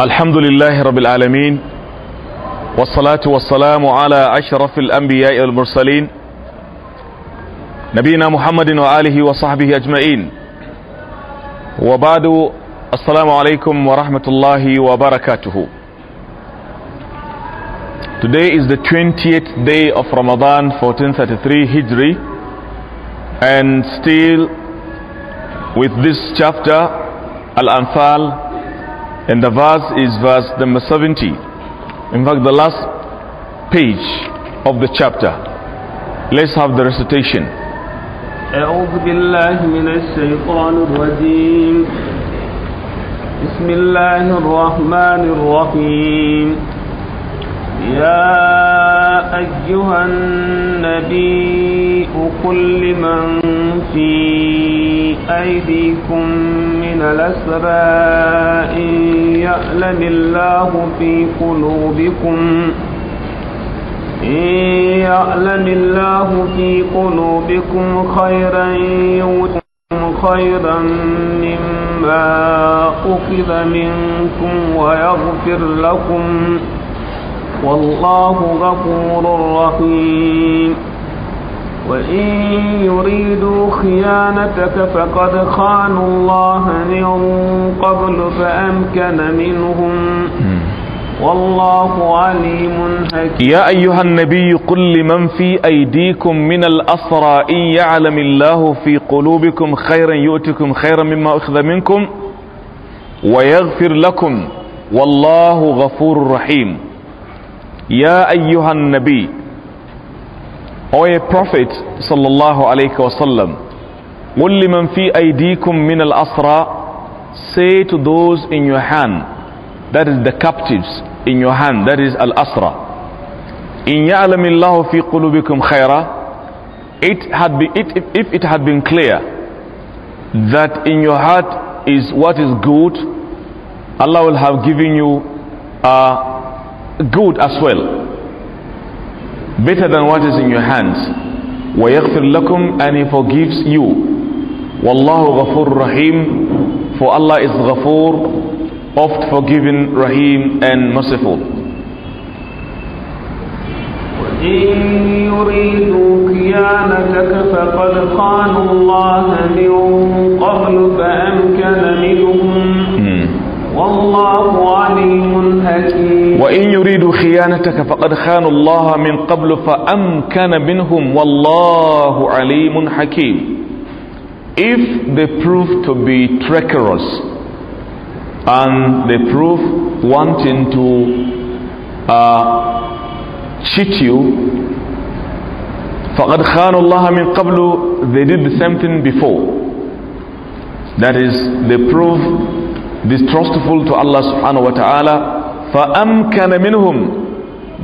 الحمد لله رب العالمين والصلاة والسلام على أشرف الأنبياء والمرسلين نبينا محمد وآله وصحبه أجمعين وبعد السلام عليكم ورحمة الله وبركاته Today is the 20th day of Ramadan 1433 Hijri and still with this chapter Al-Anfal And the verse is verse number 70. In fact, the last page of the chapter. Let's have the recitation. أعوذ بالله من الشيطان الرجيم بسم الله الرحمن الرحيم يا أيها النبي قل لمن أيديكم من الأسراء يألم الله في قلوبكم إن يعلم الله في قلوبكم خيرا يؤتكم خيرا مما أخذ منكم ويغفر لكم والله غفور رحيم وإن يريدوا خيانتك فقد خانوا الله من قبل فأمكن منهم والله عليم حكيم يا أيها النبي قل لمن في أيديكم من الأسرى إن يعلم الله في قلوبكم خيرا يؤتكم خيرا مما أخذ منكم ويغفر لكم والله غفور رحيم يا أيها النبي O ye Prophet sallallahu alayhi wasallam, قُلْ لِمَنْ فِي أَيْدِيكُمْ مِنَ الْأَسْرَى Say to those in your hand, that is the captives in your hand, that is الأسرى إِنْ يَعْلَمِ اللَّهُ فِي قُلُوبِكُمْ خَيْرًا It had been, it, if it had been clear that in your heart is what is good, Allah will have given you uh, good as well. better than what is in your hands. وَيَغْفِرْ لَكُمْ And He forgives you. وَاللَّهُ غَفُورٌ رَحِيمٌ For Allah is غفور oft forgiving, Rahim and merciful. وَإِن وإن يريدوا خيانتك فقد خانوا الله من قبل فأمكن منهم والله عليم حكيم If they prove to be treacherous and they prove wanting to uh, cheat you فقد خانوا الله من قبل they did the same thing before that is they prove distrustful to Allah subhanahu wa ta'ala فَأَمْكَنَ مِنْهُمْ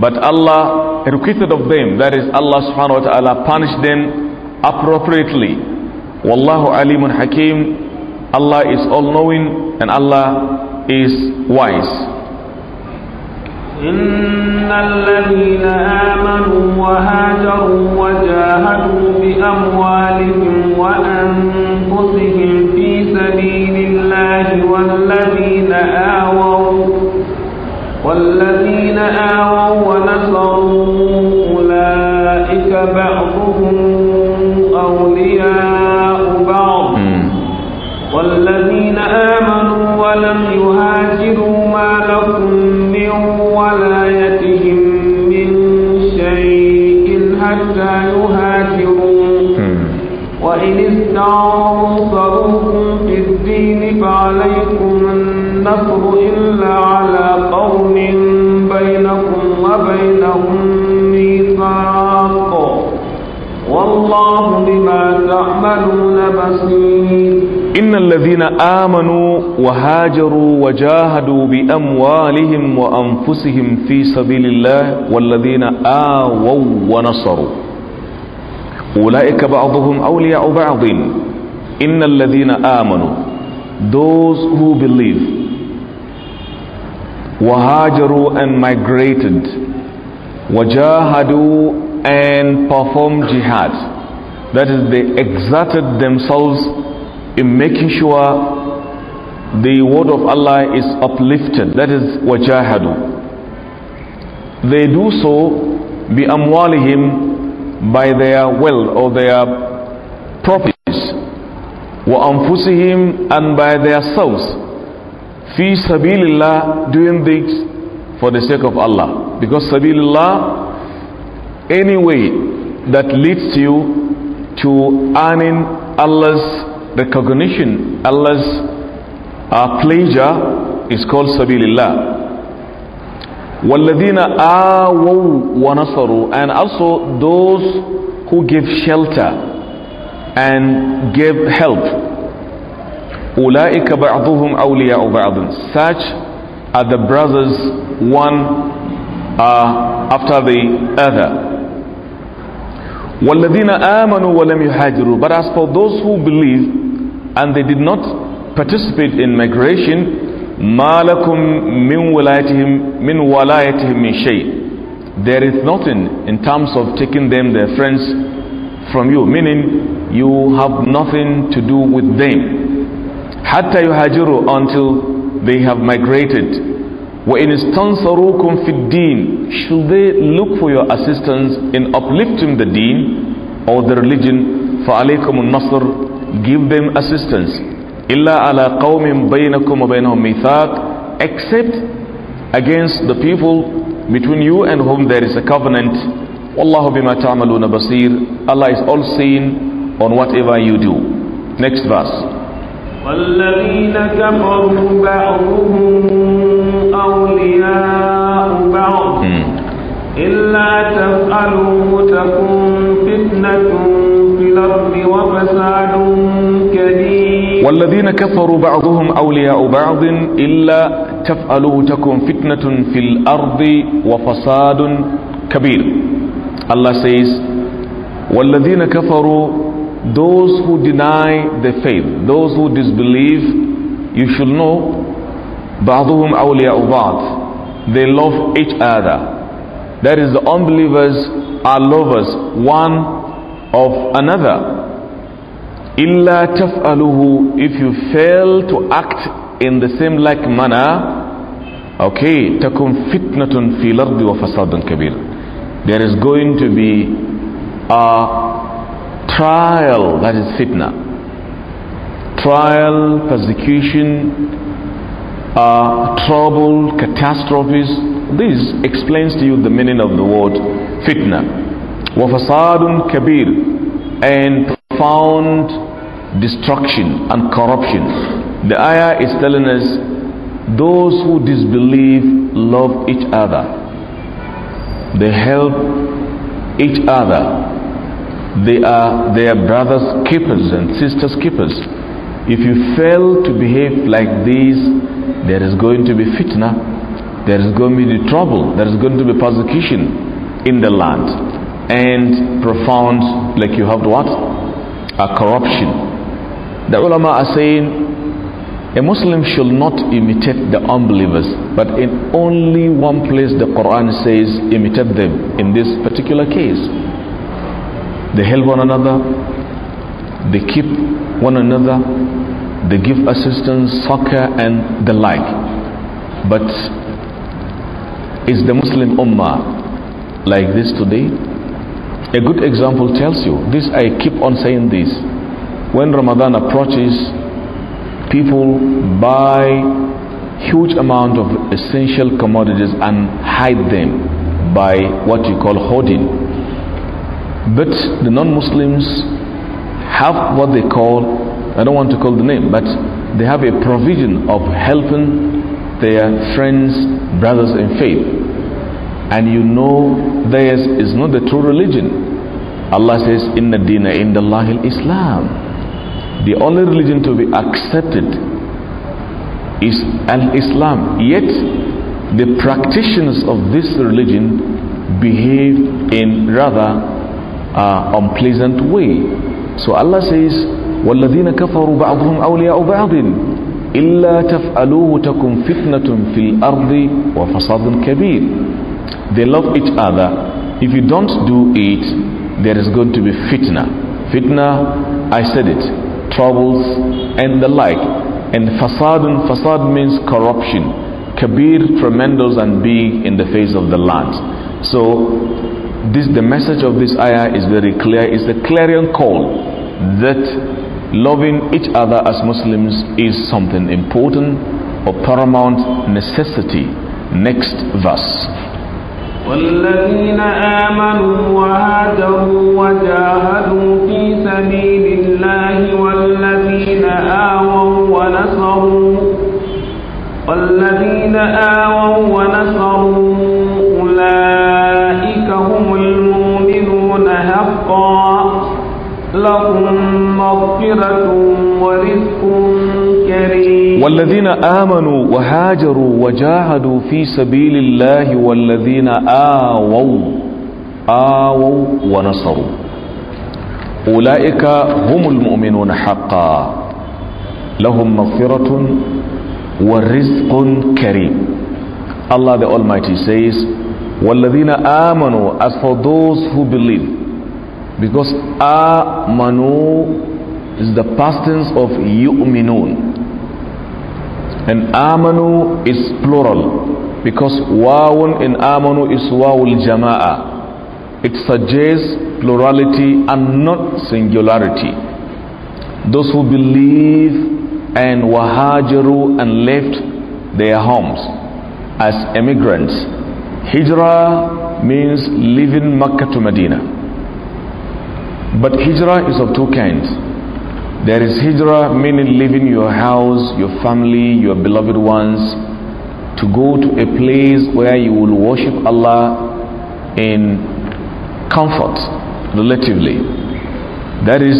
But Allah requited of them, that is Allah subhanahu wa ta'ala punished them appropriately. Wallahu alimun hakim. Allah is all-knowing and Allah is wise. إن الذين آمنوا وهاجروا وجاهدوا بأموالهم وأنفسهم في سبيل الله والذين ولايتهم من شيء حتى يهاجروا hmm. وإن استعنصروكم في الدين فعليكم النصر إلا على قوم بينكم وبينهم ميثاق والله بما تعملون بصير إن الذين آمنوا وهاجروا وجاهدوا بأموالهم وأنفسهم في سبيل الله والذين آووا ونصروا أولئك بعضهم أولياء بعض إن الذين آمنوا those who believe وهاجروا and migrated وجاهدوا and performed jihad that is they exerted themselves in making sure the word of Allah is uplifted. That is wajahadu. They do so bi amwalihim by their wealth or their properties, wa anfusihim and by their souls. Fi sabilillah doing things for the sake of Allah. Because sabilillah any way that leads you to earning Allah's recognition Allah's uh, pleasure is called sabilillah والذين آووا ونصروا and also those who give shelter and give help أولئك بعضهم أولياء بعض such are the brothers one uh, after the other والذين آمنوا ولم يهاجروا but as for those who believe and they did not participate in migration malakum min walayatihim min walayatihim min shay there is nothing in terms of taking them their friends from you meaning you have nothing to do with them hatta yuhajiru until they have migrated وإن in في الدين should they look for your assistance in uplifting the deen or the religion فعليكم النصر give them assistance. Illa ala qawmin baynakum wa baynahum mithaq, except against the people between you and whom there is a covenant. Wallahu bima ta'maluna basir. Allah is all seeing on whatever you do. Next verse. والذين كفروا بعضهم أولياء بعض hmm. إلا تفعلوه تكون والذين كفروا بعضهم أولياء بعض إلا تفعلوه تكون فتنة في الأرض وفساد كبير Allah says والذين كفروا those who deny the faith those who disbelieve you should know بعضهم أولياء بعض they love each other that is the unbelievers are lovers one of another illa taf'aluhu if you fail to act in the same like manner okay takun fitnatun fil ardi wa fasadun kabir there is going to be a trial that is fitna trial persecution uh, trouble catastrophes this explains to you the meaning of the word fitna wa fasadun kabir and profound destruction and corruption. The ayah is telling us those who disbelieve love each other, they help each other, they are their brothers' keepers and sisters' keepers. If you fail to behave like these, there is going to be fitna, there is going to be trouble, there is going to be persecution in the land and profound like you have what are corruption. The ulama are saying a Muslim should not imitate the unbelievers, but in only one place the Quran says imitate them. In this particular case, they help one another, they keep one another, they give assistance, soccer, and the like. But is the Muslim Ummah like this today? A good example tells you this, I keep on saying this. When Ramadan approaches, people buy huge amount of essential commodities and hide them by what you call hoarding. But the non Muslims have what they call, I don't want to call the name, but they have a provision of helping their friends, brothers in faith and you know theirs is not the true religion. Allah says, Inna dina indallahi islam The only religion to be accepted is al-Islam. Yet, the practitioners of this religion behave in rather uh, unpleasant way. So Allah says, وَالَّذِينَ كَفَرُوا بَعْضُهُمْ أَوْلِيَاءُ بَعْضٍ إِلَّا تَفْعَلُوهُ تَكُنْ فِتْنَةٌ فِي الْأَرْضِ وَفَصَادٌ كَبِيرٌ they love each other. If you don't do it, there is going to be fitna. Fitna, I said it, troubles and the like. And fasad and fasad means corruption. Kabir, tremendous and big in the face of the land. So this the message of this ayah is very clear it's a clarion call that loving each other as muslims is something important or paramount necessity next verse والذين آمنوا وهاجروا وجاهدوا في سبيل الله والذين آووا ونصروا والذين آووا ونصروا أولئك هم المؤمنون حقا لهم مغفرة والذين آمنوا وهاجروا وجاهدوا في سبيل الله والذين آووا آووا ونصروا أولئك هم المؤمنون حقا لهم مغفرة ورزق كريم Allah the Almighty says وَالَّذِينَ آمَنُوا As for those who believe because آمَنُوا is the past tense of يُؤْمِنُونَ And amanu is plural because wawun in amanu is wawul jama'a. It suggests plurality and not singularity. Those who believe and wahajaru and left their homes as emigrants. Hijrah means leaving Mecca to Medina. But hijrah is of two kinds there is hijrah, meaning leaving your house, your family, your beloved ones, to go to a place where you will worship Allah in comfort, relatively. That is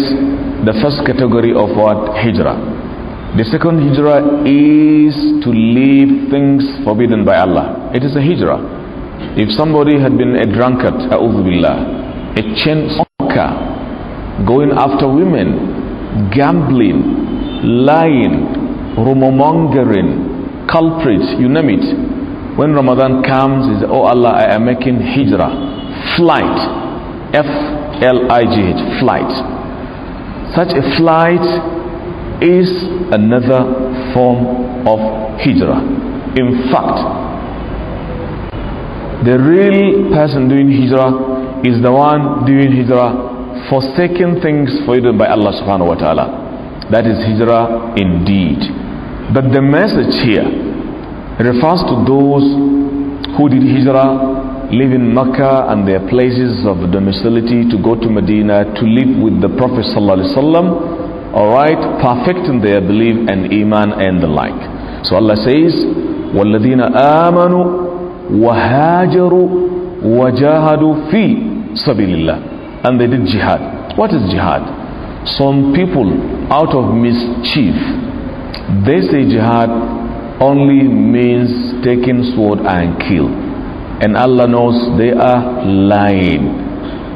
the first category of what hijrah. The second hijrah is to leave things forbidden by Allah. It is a hijrah. If somebody had been a drunkard, a chain smoker, going after women, gambling, lying, rumormongering, culprits, you name it. When Ramadan comes, it's, oh Allah, I am making hijrah, flight, F L I G H, flight. Such a flight is another form of hijrah. In fact, the real person doing hijrah is the one doing hijrah forsaken things forbidden by Allah subhanahu wa ta'ala. That is hijrah indeed. But the message here refers to those who did hijrah, leaving Mecca and their places of domicility to go to Medina to live with the Prophet sallallahu alaihi wasallam. All right, perfecting their belief and iman and the like. So Allah says, والذين آمنوا وهاجروا وجاهدوا في سبيل الله and they did jihad. What is jihad? Some people, out of mischief, they say jihad only means taking sword and kill. And Allah knows they are lying.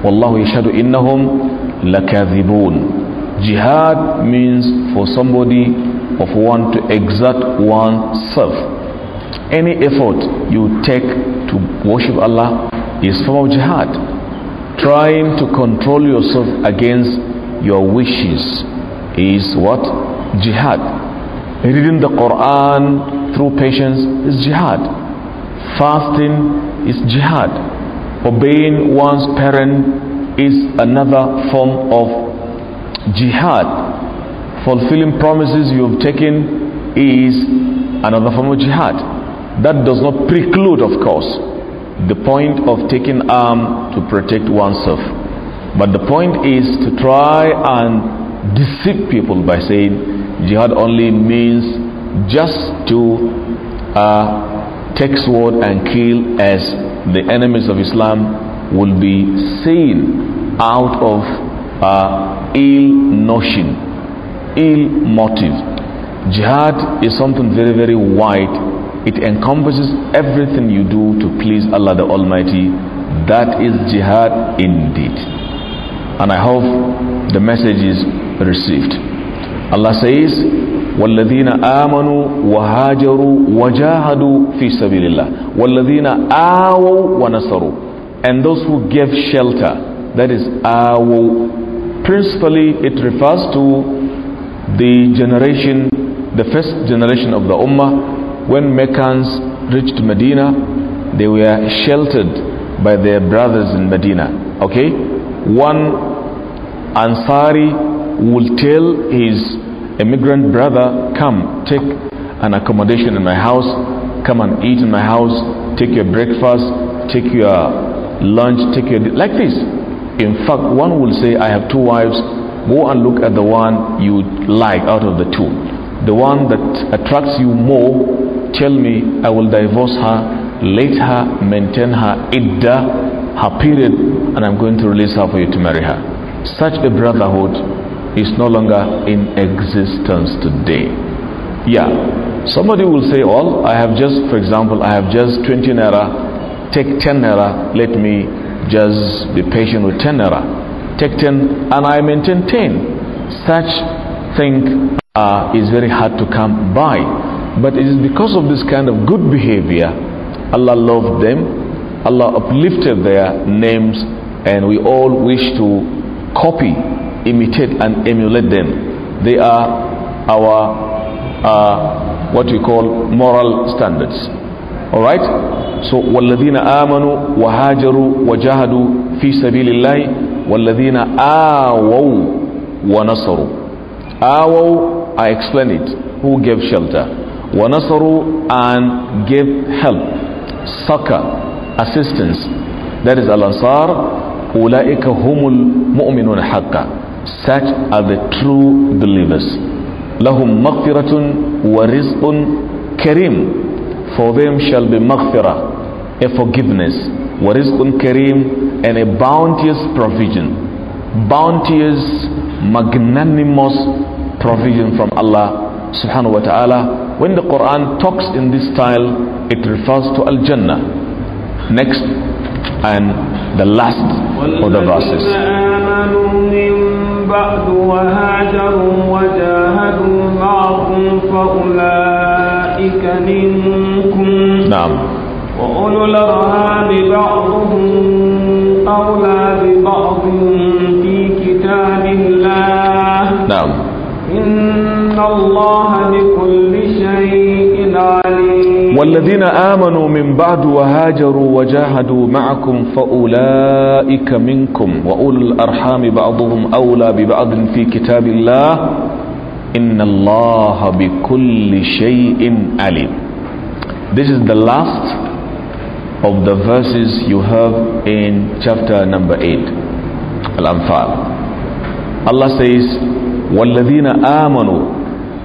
Wallahu yashhadu innahum lakathibun. Jihad means for somebody of one to exert oneself. Any effort you take to worship Allah is form of jihad trying to control yourself against your wishes is what jihad reading the quran through patience is jihad fasting is jihad obeying one's parent is another form of jihad fulfilling promises you've taken is another form of jihad that does not preclude of course the point of taking arm to protect oneself. But the point is to try and deceive people by saying jihad only means just to uh, take sword and kill as the enemies of Islam will be seen out of uh, ill notion, ill motive. Jihad is something very, very wide it encompasses everything you do to please Allah the Almighty. That is jihad indeed. And I hope the message is received. Allah says, والذين آمنوا وهاجروا وجاهدوا في سبيل الله والذين آووا ونصروا and those who gave shelter that is آووا principally it refers to the generation the first generation of the ummah when Meccans reached Medina, they were sheltered by their brothers in Medina. Okay? One Ansari will tell his immigrant brother, Come, take an accommodation in my house, come and eat in my house, take your breakfast, take your lunch, take your. like this. In fact, one will say, I have two wives, go and look at the one you like out of the two. The one that attracts you more tell me I will divorce her, let her maintain her idda, her period, and I'm going to release her for you to marry her. Such a brotherhood is no longer in existence today. Yeah, somebody will say, Well, I have just, for example, I have just 20 naira, take 10 naira, let me just be patient with 10 naira. Take 10 and I maintain 10. Such thing uh, is very hard to come by but it is because of this kind of good behavior, Allah loved them, Allah uplifted their names, and we all wish to copy, imitate, and emulate them. They are our uh, what we call moral standards. All right. So, والذين آمنوا وهاجروا وجاهدوا في سبيل الله والذين آووا ونصروا. آووا, I explain it. Who gave shelter? وَنَصَرُوا and give help, succor, assistance. That is Al-Ansar. أُولَئِكَ mu'minun الْمُؤْمِنُونَ حَقًّا Such are the true believers. لَهُمْ wa وَرِزْقٌ كَرِيمٌ For them shall be maghfira, a forgiveness, وَرِزْقٌ كَرِيمٌ and a bounteous provision. Bounteous, magnanimous provision from Allah subhanahu wa ta'ala when the Quran talks in this style it refers to Al-Jannah next and the last of the verses وأولو الأرهام بعضهم أولى ببعض في كتاب الله بكل شيء عليم والذين آمنوا من بعد وهاجروا وجاهدوا معكم فأولئك منكم وأولو الأرحام بعضهم أولى ببعض في كتاب الله إن الله بكل شيء عليم This is the last of the verses you have in chapter number 8 Al-Anfal Allah says والذين آمنوا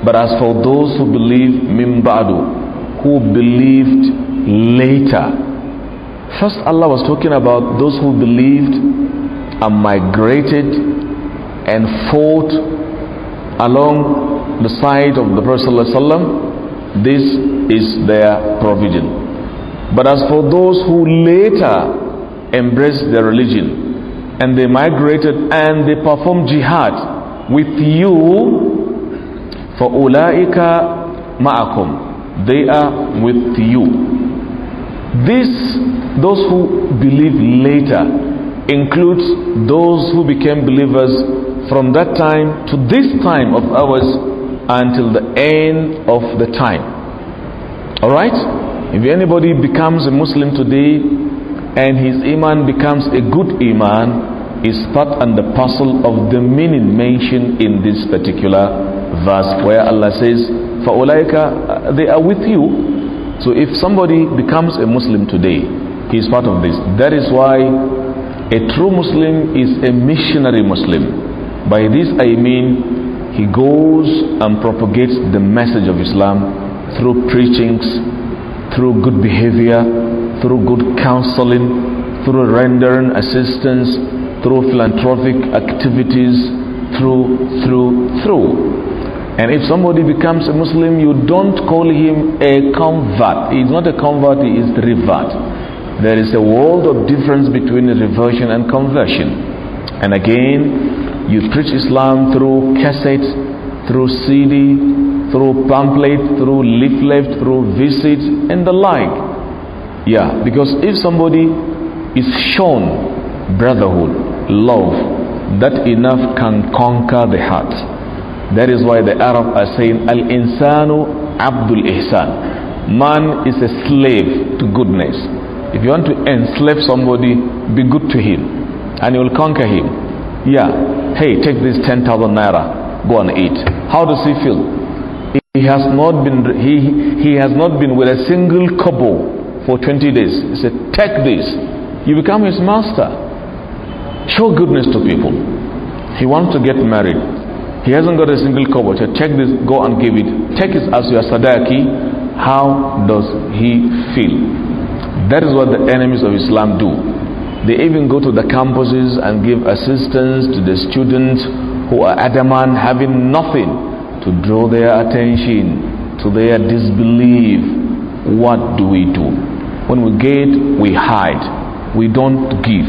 But as for those who believe mimbadu, who believed later, first Allah was talking about those who believed and migrated and fought along the side of the Prophet ﷺ, this is their provision. But as for those who later embraced their religion and they migrated and they performed jihad with you فَأُولَٰئِكَ مَعَكُمْ They are with you. This, those who believe later, includes those who became believers from that time to this time of ours until the end of the time. Alright? If anybody becomes a Muslim today and his Iman becomes a good Iman, is part and the parcel of the meaning mentioned in this particular verse where Allah says, فَأُولَٰئِكَ They are with you. So if somebody becomes a Muslim today, he is part of this. That is why a true Muslim is a missionary Muslim. By this I mean he goes and propagates the message of Islam through preachings, through good behavior, through good counseling, through rendering assistance, through philanthropic activities, through, through, through. And if somebody becomes a Muslim, you don't call him a convert. He is not a convert, he is a revert. There is a world of difference between reversion and conversion. And again, you preach Islam through cassette, through CD, through pamphlet, through leaflet, through visit, and the like. Yeah, because if somebody is shown brotherhood, love, that enough can conquer the heart. That is why the Arab are saying, Al Insanu Abdul Ihsan. Man is a slave to goodness. If you want to enslave somebody, be good to him and you will conquer him. Yeah, hey, take this 10,000 naira, go and eat. How does he feel? He has not been, he, he has not been with a single kobo for 20 days. He said, take this. You become his master. Show goodness to people. He wants to get married he hasn't got a single kobo. So take this, go and give it. Take it as your sadaqi. How does he feel? That is what the enemies of Islam do. They even go to the campuses and give assistance to the students who are adamant, having nothing to draw their attention to their disbelief. What do we do? When we get, we hide. We don't give.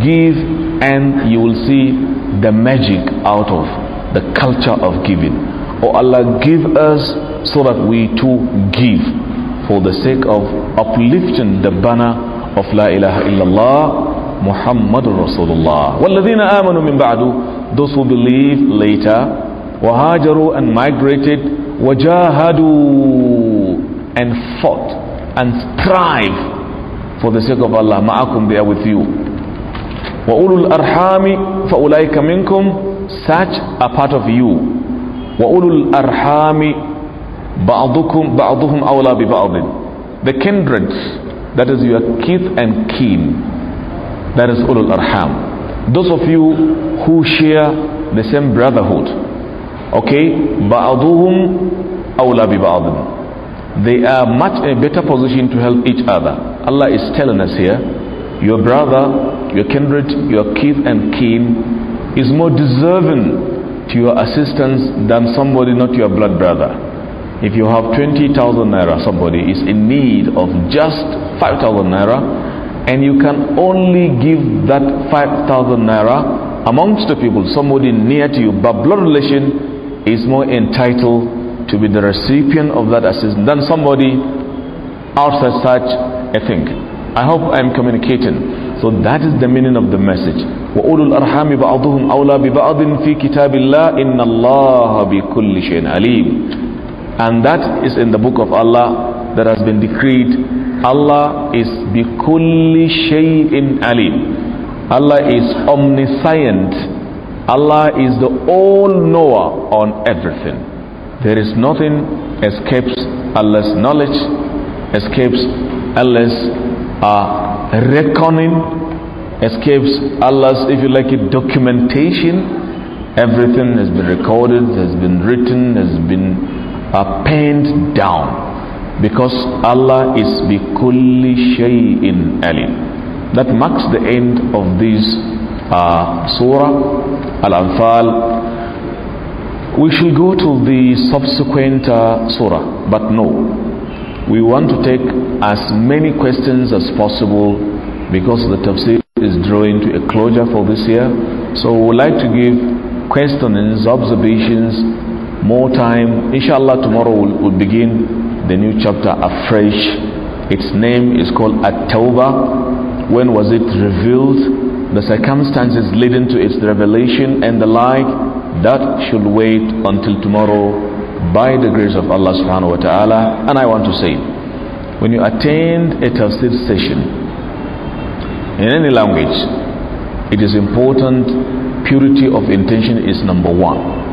Give, and you will see the magic out of the culture of giving. Oh Allah, give us so that we too give for the sake of uplifting the banner of La ilaha illallah Muhammadur Rasulullah. وَالَّذِينَ آمَنُوا مِن بَعْدُ Those who believe later وَهَاجَرُوا and migrated وَجَاهَدُوا and fought and strive for the sake of Allah. Ma'akum, they are with you. وَأُولُو الْأَرْحَامِ فَأُولَٰئِكَ مِنْكُمْ such a part of you arhami ba'adukum بَعْضُكُمْ awla bi بِبَعْضٍ The kindreds, that is your kith and kin, that is ulul arham. Those of you who share the same brotherhood, okay, awla bi بِبَعْضٍ They are much in a better position to help each other. Allah is telling us here, your brother, your kindred, your kith and kin, is more deserving to your assistance than somebody not your blood brother. If you have 20,000 naira, somebody is in need of just 5,000 naira, and you can only give that 5,000 naira amongst the people, somebody near to you, but blood relation is more entitled to be the recipient of that assistance than somebody outside such a thing. I hope I'm communicating. So that is the meaning of the message. وَأُولُو الْأَرْحَامِ بَعْضُهُمْ أَوْلَى بِبَعْضٍ فِي كِتَابِ اللَّهِ إِنَّ اللَّهَ بِكُلِّ شَيْءٍ عَلِيمٌ And that is in the book of Allah that has been decreed. Allah is بِكُلِّ شَيْءٍ alim. Allah is omniscient. Allah is the all-knower on everything. There is nothing escapes Allah's knowledge, escapes Allah's uh, reckoning escapes Allah's, if you like it, documentation. Everything has been recorded, has been written, has been uh, penned down. Because Allah is bikulli shay'in alim. That marks the end of this uh, surah, Al-Anfal. We shall go to the subsequent uh, surah, but no we want to take as many questions as possible because the tafsir is drawing to a closure for this year. So we would like to give questions, observations, more time. Inshallah, tomorrow we'll, we'll begin the new chapter afresh. Its name is called At Tawbah. When was it revealed? The circumstances leading to its revelation and the like. That should wait until tomorrow by the grace of Allah subhanahu wa ta'ala. And I want to say, when you attend a tafsir session in any language, it is important purity of intention is number one.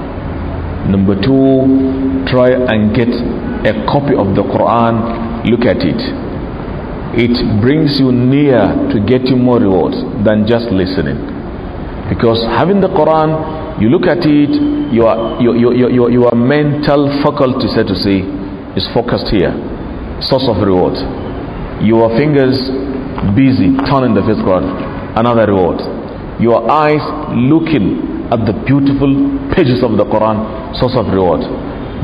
Number two, try and get a copy of the Quran, look at it. It brings you near to getting more rewards than just listening. Because having the Quran you look at it, your, your, your, your, your mental faculty, so to say, is focused here. Source of reward. Your fingers busy turning the physical, another reward. Your eyes looking at the beautiful pages of the Quran, source of reward.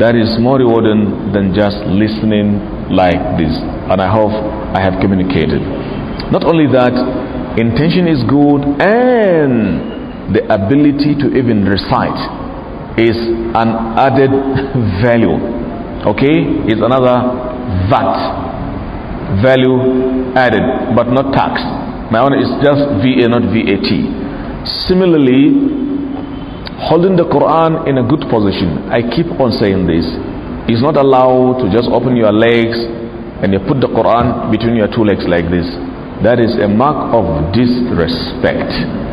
That is more rewarding than just listening like this. And I hope I have communicated. Not only that, intention is good and the ability to even recite is an added value okay it's another VAT value added but not tax my own is just VA not VAT similarly holding the Quran in a good position I keep on saying this is not allowed to just open your legs and you put the Quran between your two legs like this that is a mark of disrespect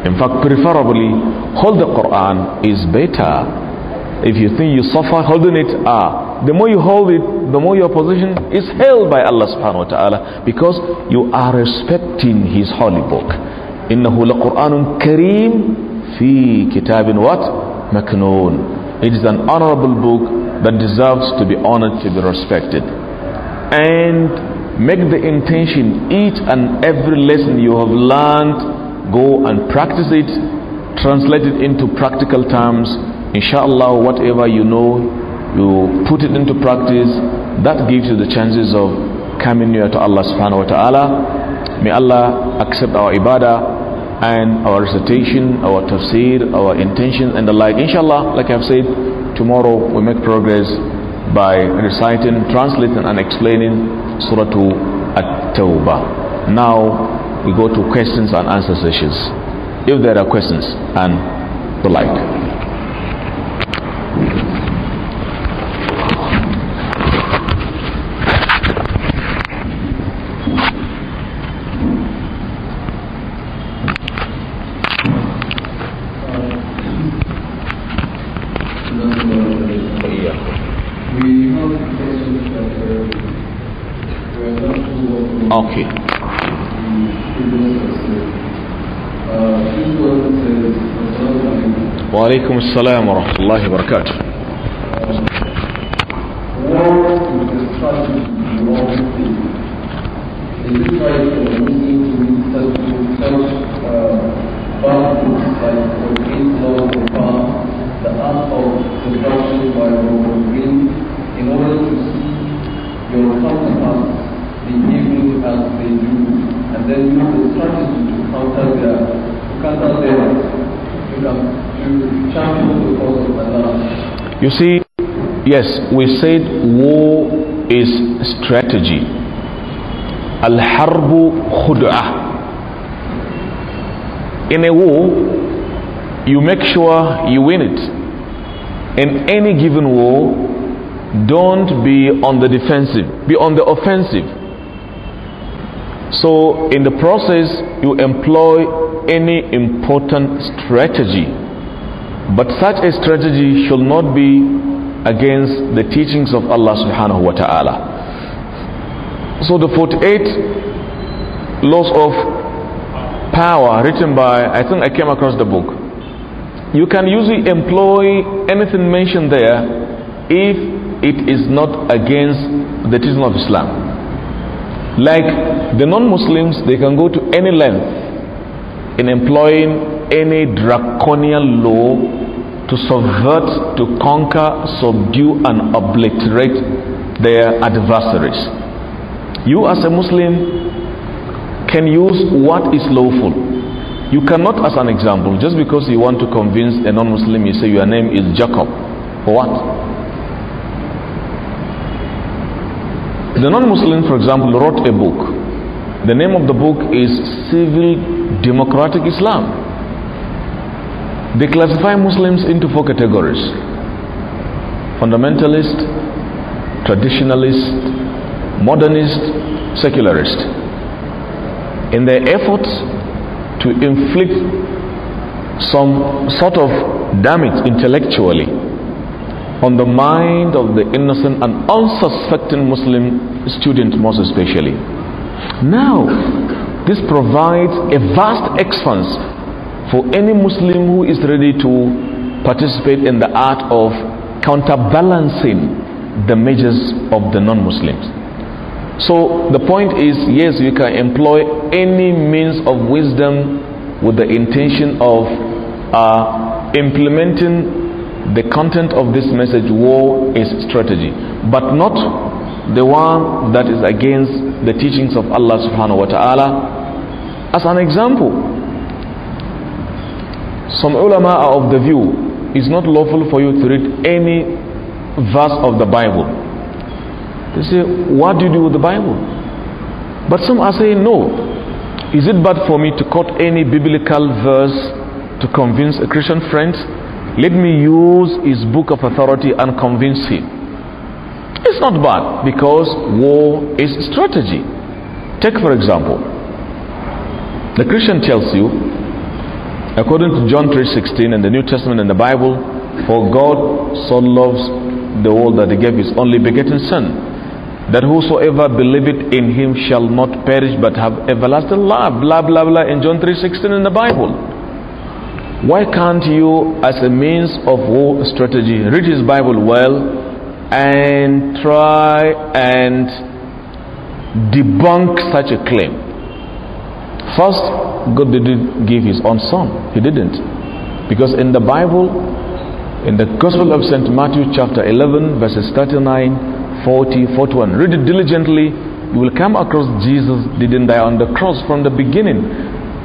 in fact, preferably, hold the Quran is better. If you think you suffer holding it, ah, the more you hold it, the more your position is held by Allah subhanahu wa ta'ala because you are respecting His holy book. la Quranun Kareem fi Kitabin what? Maknoon. It is an honorable book that deserves to be honored, to be respected. And make the intention each and every lesson you have learned go and practice it translate it into practical terms inshallah whatever you know you put it into practice that gives you the chances of coming near to Allah subhanahu wa ta'ala may Allah accept our ibadah and our recitation our tafsir our intentions and the like inshallah like I've said tomorrow we make progress by reciting translating and explaining surah at-tawbah now we go to questions and answer sessions if there are questions and the like. Okay. وعليكم السلام ورحمة الله وبركاته in order to see your counterparts behaving as they do and then use the strategy to counter their to counter their you You see, yes, we said war is strategy. Al harbu khud'ah. In a war, you make sure you win it. In any given war, don't be on the defensive, be on the offensive. So, in the process, you employ any important strategy but such a strategy should not be against the teachings of Allah subhanahu wa ta'ala. So the 48 laws of power written by, I think I came across the book. You can usually employ anything mentioned there if it is not against the teaching of Islam. Like the non Muslims, they can go to any length in employing any draconian law to subvert, to conquer, subdue, and obliterate their adversaries. You, as a Muslim, can use what is lawful. You cannot, as an example, just because you want to convince a non Muslim, you say your name is Jacob. For what? The non Muslim, for example, wrote a book. The name of the book is Civil Democratic Islam. They classify Muslims into four categories fundamentalist, traditionalist, modernist, secularist. In their efforts to inflict some sort of damage intellectually on the mind of the innocent and unsuspecting Muslim student, most especially. Now, this provides a vast expanse for any Muslim who is ready to participate in the art of counterbalancing the measures of the non Muslims. So the point is yes, you can employ any means of wisdom with the intention of uh, implementing the content of this message war is strategy, but not the one that is against the teachings of Allah subhanahu wa ta'ala. As an example, some ulama are of the view it's not lawful for you to read any verse of the Bible. They say, What do you do with the Bible? But some are saying, No. Is it bad for me to quote any biblical verse to convince a Christian friend? Let me use his book of authority and convince him. It's not bad because war is strategy. Take, for example, the Christian tells you According to John 3:16 in the New Testament and the Bible, for God so loves the world that he gave his only begotten son that whosoever believeth in him shall not perish but have everlasting life blah blah blah in John 3:16 in the Bible why can't you as a means of war strategy read his Bible well and try and debunk such a claim First, God didn't give his own son. He didn't. Because in the Bible, in the Gospel of St. Matthew, chapter 11, verses 39, 40, 41, read it diligently. You will come across Jesus didn't die on the cross from the beginning.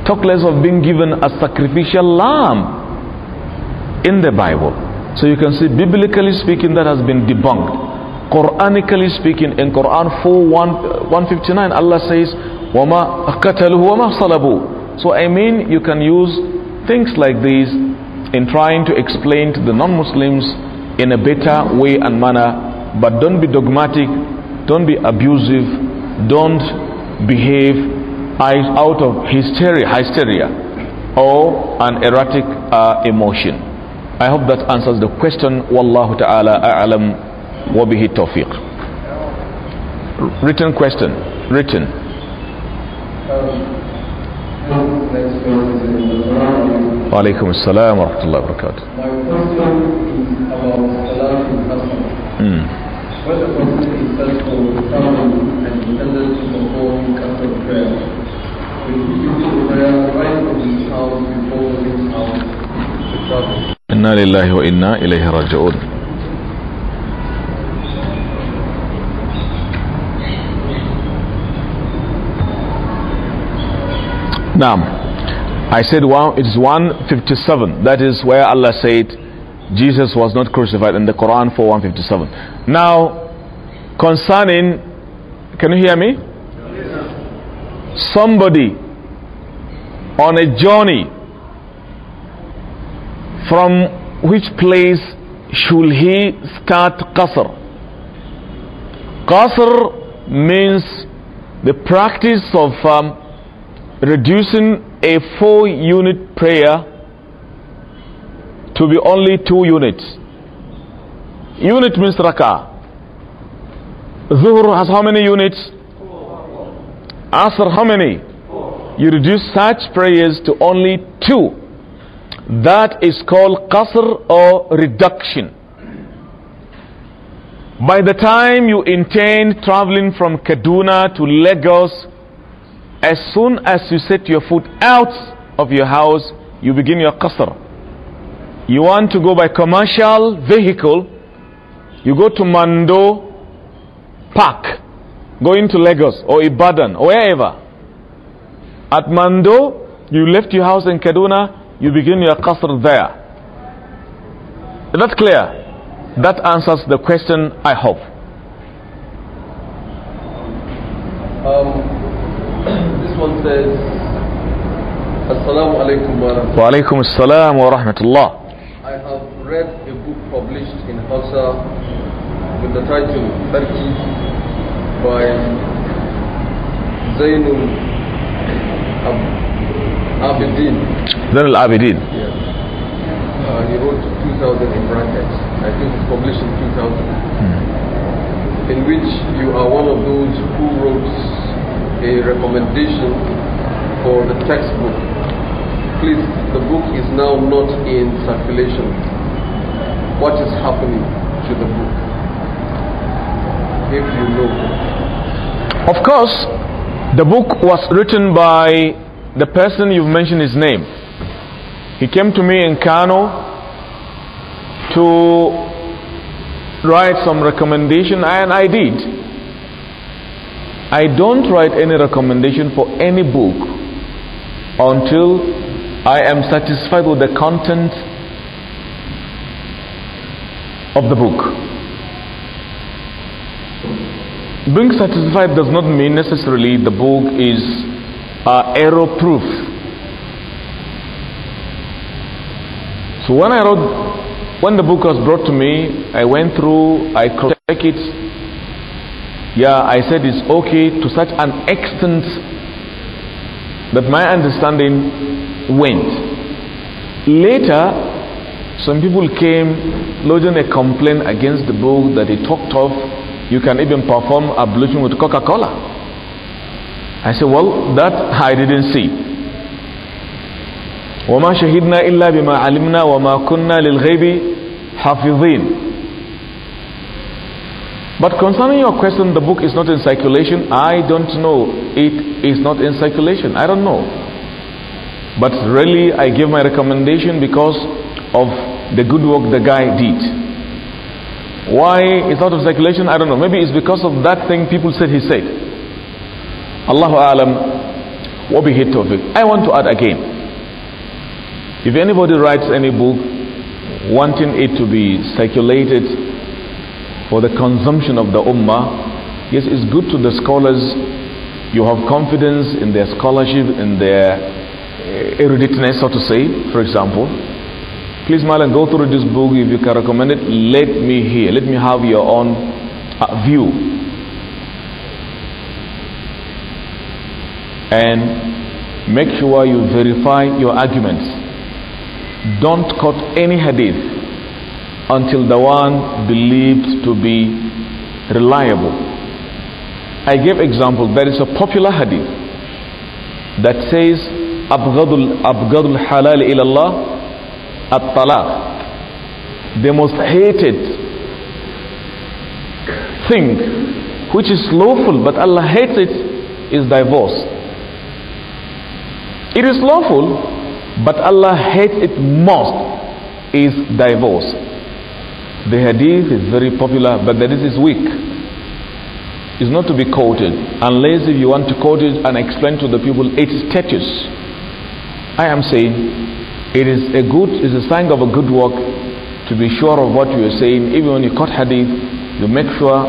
Talk less of being given a sacrificial lamb in the Bible. So you can see, biblically speaking, that has been debunked. Quranically speaking, in Quran 4 1, 159, Allah says, وَمَا قَتَلُهُ وَمَا صَلَبُهُ So I mean you can use things like these in trying to explain to the non-Muslims in a better way and manner but don't be dogmatic don't be abusive don't behave out of hysteria hysteria or an erratic uh, emotion i hope that answers the question wallahu ta'ala a'lam wa bihi tawfiq written question written وعليكم السلام ورحمة الله وبركاته إنا لله وإنا إليه راجعون Now, I said one, it is 157. That is where Allah said Jesus was not crucified in the Quran for 157. Now, concerning, can you hear me? Somebody on a journey from which place should he start qasr qasr means the practice of um, reducing a four unit prayer to be only two units. Unit means rakah. Zuhur has how many units? Asr, how many? You reduce such prayers to only two. That is called qasr or reduction. By the time you intend traveling from Kaduna to Lagos, as soon as you set your foot out of your house, you begin your qasr. You want to go by commercial vehicle, you go to Mando Park, go into Lagos or Ibadan or wherever. At Mando, you left your house in Kaduna, you begin your qasr there. Is that clear? That answers the question, I hope. Um one says, Assalamu alaikum wa alaikum assalam wa rahmatullah. I have read a book published in Hausa with the title Turkey by Zainul Ab Abidin. Zainul Abidin. Yes. Uh, he wrote 2000 in brackets. I think it's published in 2000. Hmm. In which you are one of those who wrote a recommendation for the textbook. Please, the book is now not in circulation. What is happening to the book? If you know. Of course, the book was written by the person you've mentioned his name. He came to me in Kano to write some recommendation, and I did. I don't write any recommendation for any book until I am satisfied with the content of the book. Being satisfied does not mean necessarily the book is uh, error proof. So when I wrote, when the book was brought to me, I went through, I cross-checked it, yeah, I said it's okay to such an extent that my understanding went. Later, some people came lodging a complaint against the book that he talked of. You can even perform ablution with Coca Cola. I said, Well, that I didn't see. وما شهدنا إلا بما علمنا وما كنا للغيب حافظين but concerning your question, the book is not in circulation. I don't know. It is not in circulation. I don't know. But really, I give my recommendation because of the good work the guy did. Why it's not in circulation, I don't know. Maybe it's because of that thing people said he said. Allahu Alam, wabihi tawfiq. I want to add again. If anybody writes any book wanting it to be circulated for the consumption of the ummah. Yes, it's good to the scholars. You have confidence in their scholarship, in their eruditeness, eh, so to say, for example. Please, Marlon, go through this book. If you can recommend it, let me hear. Let me have your own uh, view. And make sure you verify your arguments. Don't quote any hadith until the one believed to be reliable. I give example. There is a popular hadith that says, "Abgadul Abgadul halal ilallah at talaq." The most hated thing, which is lawful but Allah hates it, is divorce. It is lawful, but Allah hates it most is divorce. The hadith is very popular, but the hadith is weak. It's not to be quoted, unless if you want to quote it and explain to the people its status. I am saying it is a good, It's a sign of a good work to be sure of what you are saying. Even when you quote hadith, you make sure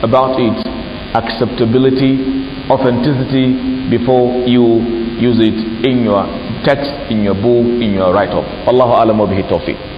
about its acceptability, authenticity before you use it in your text, in your book, in your write-up. Allahu alamu bihi tawfiq.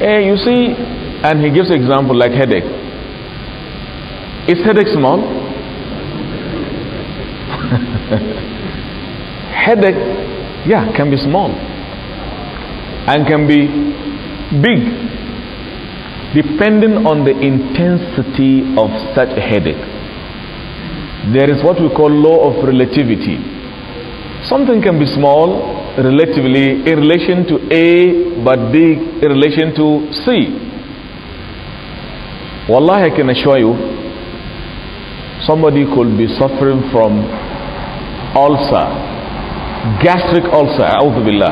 Hey, you see, and he gives example like headache. Is headache small? headache, yeah, can be small and can be big depending on the intensity of such a headache. There is what we call law of relativity. Something can be small relatively in relation to A but D in relation to C. Wallahi, I can assure you, somebody could be suffering from ulcer, gastric ulcer, billah.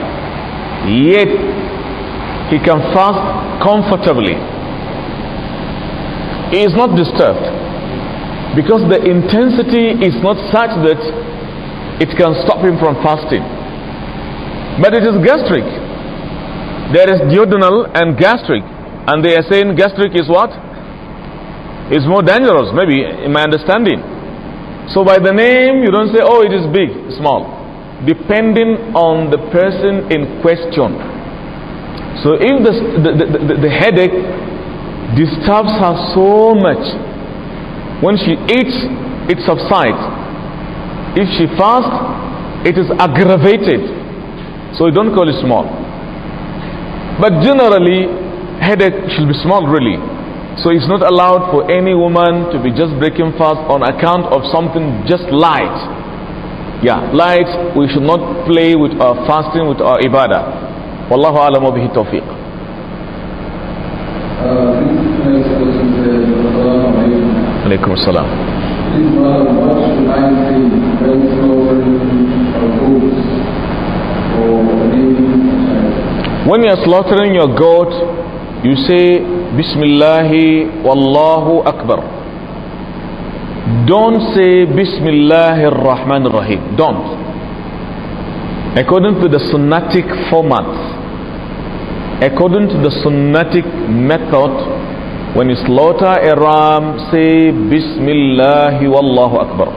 yet he can fast comfortably. He is not disturbed because the intensity is not such that it can stop him from fasting. But it is gastric. There is duodenal and gastric. And they are saying gastric is what? Is more dangerous, maybe, in my understanding. So by the name, you don't say, oh, it is big, small. Depending on the person in question. So if the, the, the, the headache disturbs her so much, when she eats, it subsides. If she fasts, it is aggravated so we don't call it small. But generally, headache should be small really. So it's not allowed for any woman to be just breaking fast on account of something just light. Yeah, light, we should not play with our fasting, with our ibadah. Wallahu alamu bihi tawfiq. Uh, Alaykum as-salam. When you are slaughtering your goat, you say, Bismillahi Wallahu Akbar. Don't say Bismillahi Rahman Rahim. Don't. According to the Sunnatic format, according to the Sunnatic method, when you slaughter a ram, say Bismillahi Wallahu Akbar.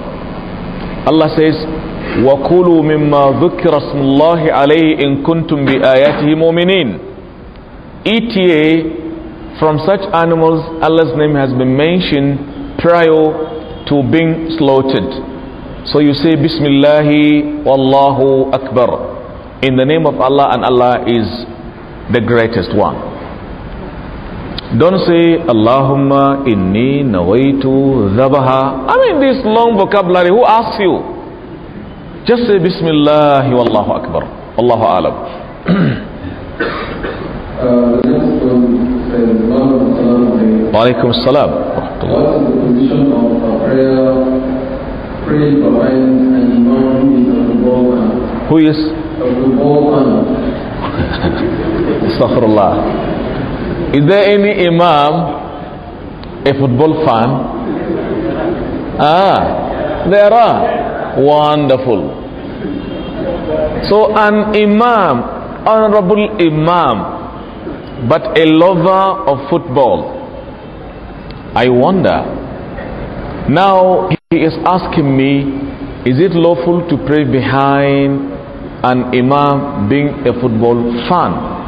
Allah says, وكلوا مما ذكر اسم الله عليه إن كنتم بآياته مؤمنين Eat from such animals Allah's name has been mentioned prior to being slaughtered. So you say Bismillah Wallahu Akbar in the name of Allah and Allah is the greatest one. Don't say Allahumma inni nawaitu zabaha." I mean this long vocabulary, who asks you? Just say Bismillah, Wallahu Akbar. Allahu Alam. Wa alaikum salam. What is the position of a prayer prayed by an imam in the a football fan? Who is? A football fan. Astaghfirullah. Is there any imam, a football fan? Ah, there are. Wonderful. So an imam, honorable imam, but a lover of football. I wonder. Now he is asking me, is it lawful to pray behind an imam being a football fan?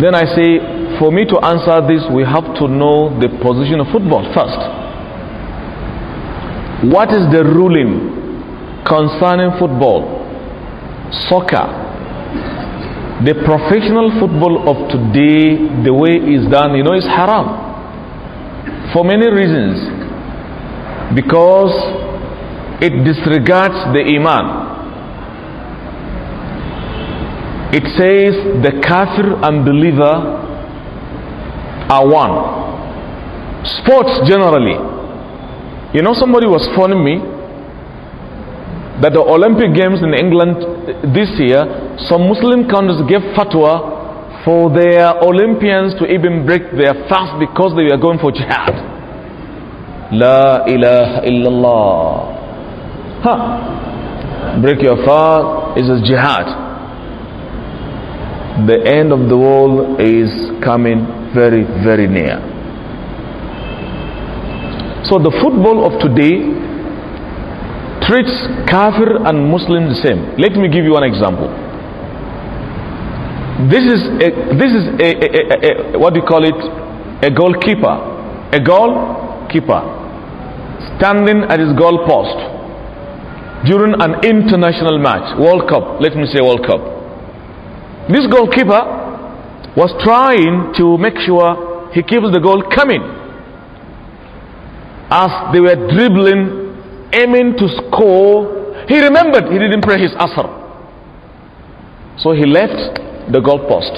Then I say, for me to answer this, we have to know the position of football first. What is the ruling concerning football, soccer, the professional football of today the way it's done you know is haram for many reasons because it disregards the iman it says the kafir and believer are one sports generally you know somebody was phoning me that the Olympic Games in England this year, some Muslim countries gave fatwa for their Olympians to even break their fast because they were going for jihad. La ilaha illallah. Huh. Break your fast is a jihad. The end of the world is coming very, very near. So the football of today treats kafir and muslim the same let me give you an example this is a, this is a, a, a what do you call it a goalkeeper a goalkeeper standing at his goal post during an international match world cup let me say world cup this goalkeeper was trying to make sure he keeps the goal coming as they were dribbling aiming to score. He remembered he didn't pray his asr. So he left the goalpost.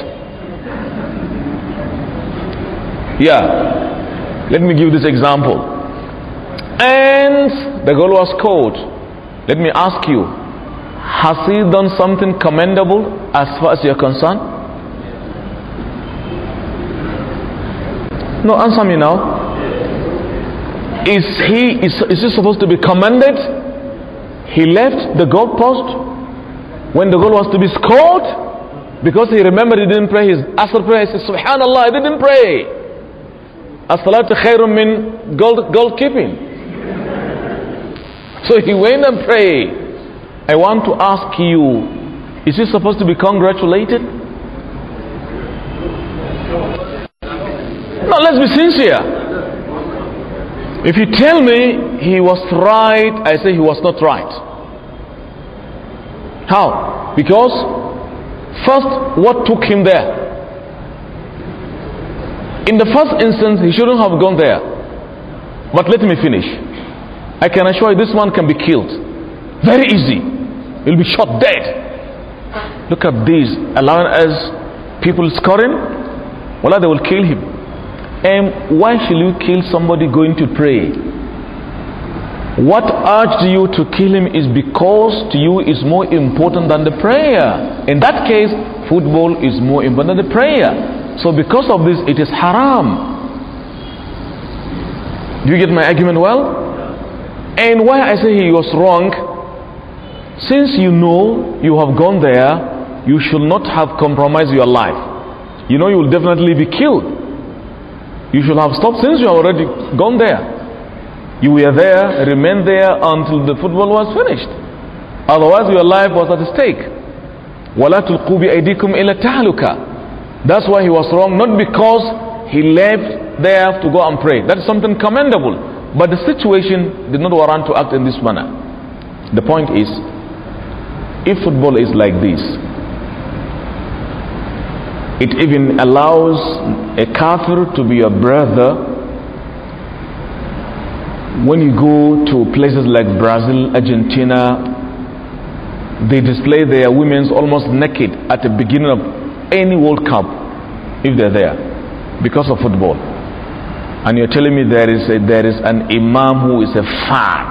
Yeah. Let me give this example. And the goal was scored. Let me ask you, has he done something commendable as far as you're concerned? No, answer me now is he is, is he supposed to be commanded he left the goal post when the goal was to be scored because he remembered he didn't pray his asr prayer he said subhanallah i didn't pray as-salatu khairun min goal, goalkeeping so he went and prayed i want to ask you is he supposed to be congratulated no let's be sincere if you tell me he was right, I say he was not right. How? Because first, what took him there? In the first instance, he shouldn't have gone there. But let me finish. I can assure you this one can be killed. Very easy. He'll be shot dead. Look at these, allowing as people scoring. well, they will kill him. And why should you kill somebody going to pray? What urged you to kill him is because to you is more important than the prayer. In that case, football is more important than the prayer. So because of this, it is haram. Do you get my argument well? And why I say he was wrong, since you know you have gone there, you should not have compromised your life. You know you will definitely be killed. You should have stopped since you have already gone there. You were there, remained there until the football was finished. Otherwise, your life was at stake. That's why he was wrong, not because he left there to go and pray. That's something commendable. But the situation did not warrant to act in this manner. The point is, if football is like this, it even allows a kafir to be your brother when you go to places like Brazil, Argentina, they display their women's almost naked at the beginning of any World Cup if they're there because of football. And you're telling me there is, a, there is an imam who is a fan.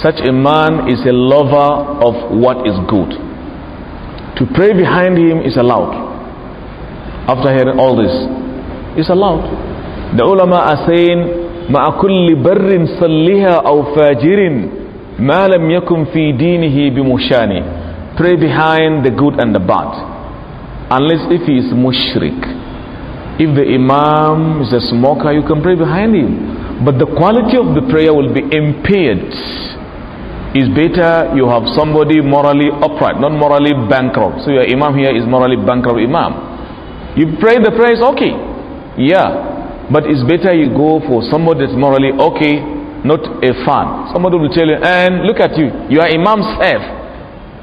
Such a man is a lover of what is good. To pray behind him is allowed after hearing all this? It's allowed. The ulama are saying, مع كل بر صليها أو فاجر ما لم يكن في دينه بمشاني pray behind the good and the bad unless if he is mushrik if the imam is a smoker you can pray behind him but the quality of the prayer will be impaired it's better you have somebody morally upright not morally bankrupt so your imam here is morally bankrupt imam you pray the prayer is okay. Yeah. But it's better you go for somebody that's morally okay, not a fan. Somebody will tell you, and look at you, you are Imam's F.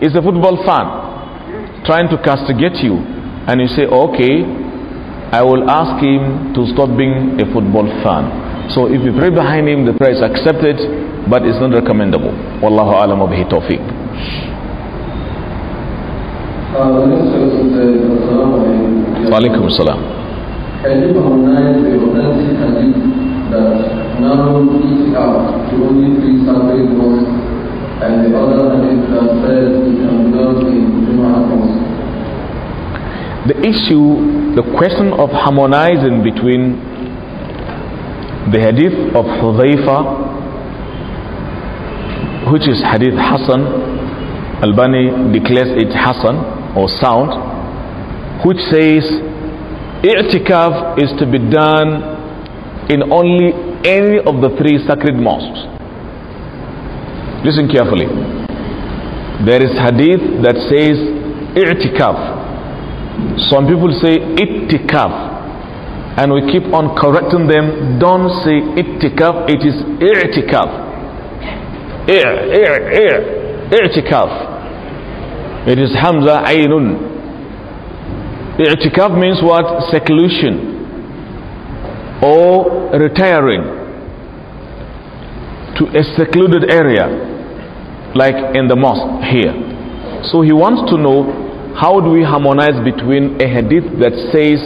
Is a football fan trying to castigate you. And you say, okay, I will ask him to stop being a football fan. So if you pray behind him, the prayer is accepted, but it's not recommendable. Wallahu alam bihi Uh, salam. Can you harmonize the hadith that out to only three Sunday and the other hadith that says it can be done in The issue, the question of harmonizing between the hadith of Hudhaifa, which is hadith Hassan, Albani declares it Hassan or sound, which says i'tikaf is to be done in only any of the three sacred mosques. Listen carefully. There is hadith that says i'tikaf. Some people say i'tikaf and we keep on correcting them. Don't say ittikaf, it is i'tikaf. I'tikaf. It is Hamza Ainun. I'tikaf means what? Seclusion or retiring to a secluded area, like in the mosque here. So he wants to know how do we harmonize between a hadith that says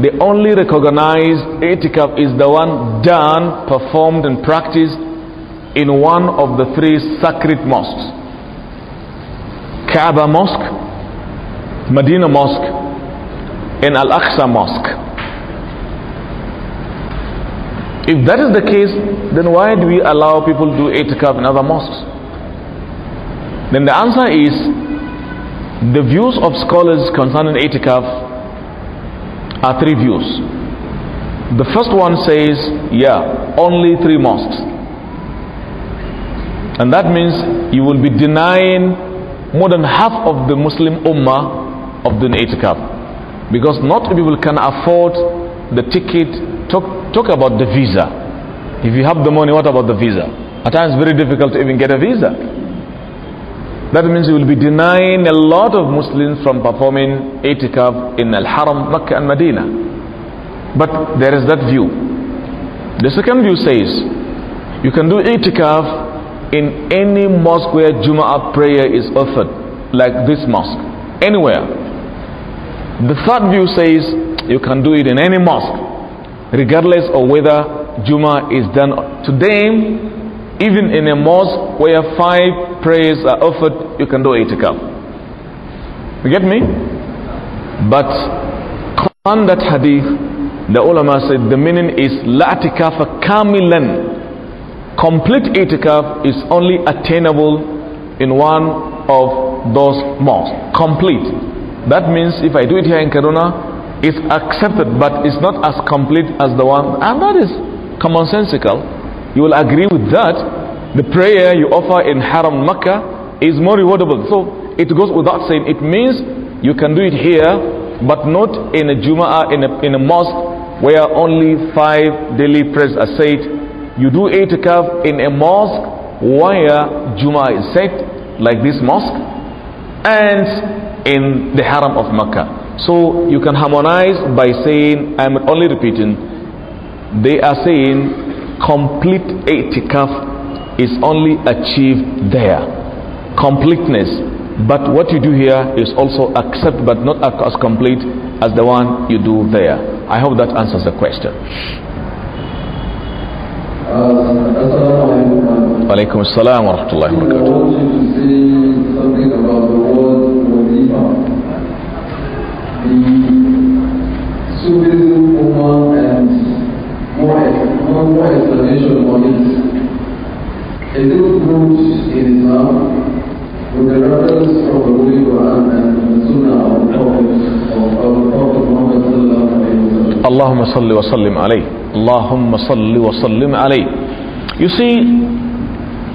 the only recognized itikaf is the one done, performed, and practiced in one of the three sacred mosques Kaaba Mosque, Medina Mosque, in Al Aqsa Mosque. If that is the case, then why do we allow people to do itikaf in other mosques? Then the answer is the views of scholars concerning itikaf are three views. The first one says, yeah, only three mosques. And that means you will be denying more than half of the Muslim ummah of doing itikaf because not people can afford the ticket talk, talk about the visa if you have the money what about the visa at times very difficult to even get a visa that means you will be denying a lot of Muslims from performing itikaf in Al-Haram, Mecca and Medina. But there is that view. The second view says, you can do itikaf in any mosque where Jum'ah prayer is offered, like this mosque, anywhere. The third view says you can do it in any mosque, regardless of whether Juma is done today. Even in a mosque where five prayers are offered, you can do itikaf. You get me? But on that hadith, the ulama said the meaning is la kamilan. Complete itikaf is only attainable in one of those mosques. Complete that means if I do it here in Kaduna, it's accepted, but it's not as complete as the one. And that is commonsensical. You will agree with that. The prayer you offer in Haram Makkah is more rewardable. So it goes without saying. It means you can do it here, but not in a Jum'ah, in a, in a mosque where only five daily prayers are said. You do itikaf in a mosque where Jum'ah is said, like this mosque. And in the haram of Mecca. So you can harmonize by saying, I'm only repeating, they are saying complete itikaf is only achieved there. Completeness. But what you do here is also accept but not as complete as the one you do there. I hope that answers the question. Uh, the Sufism movement and more, more, explanation on it. A good in Islam with the reference from the Holy Quran and the Sunnah of the Prophet, of our Prophet Muhammad sallallahu alayhi wa sallam. Allahumma salli wa sallim alayhi. Allahumma salli wa sallim alayhi. You see,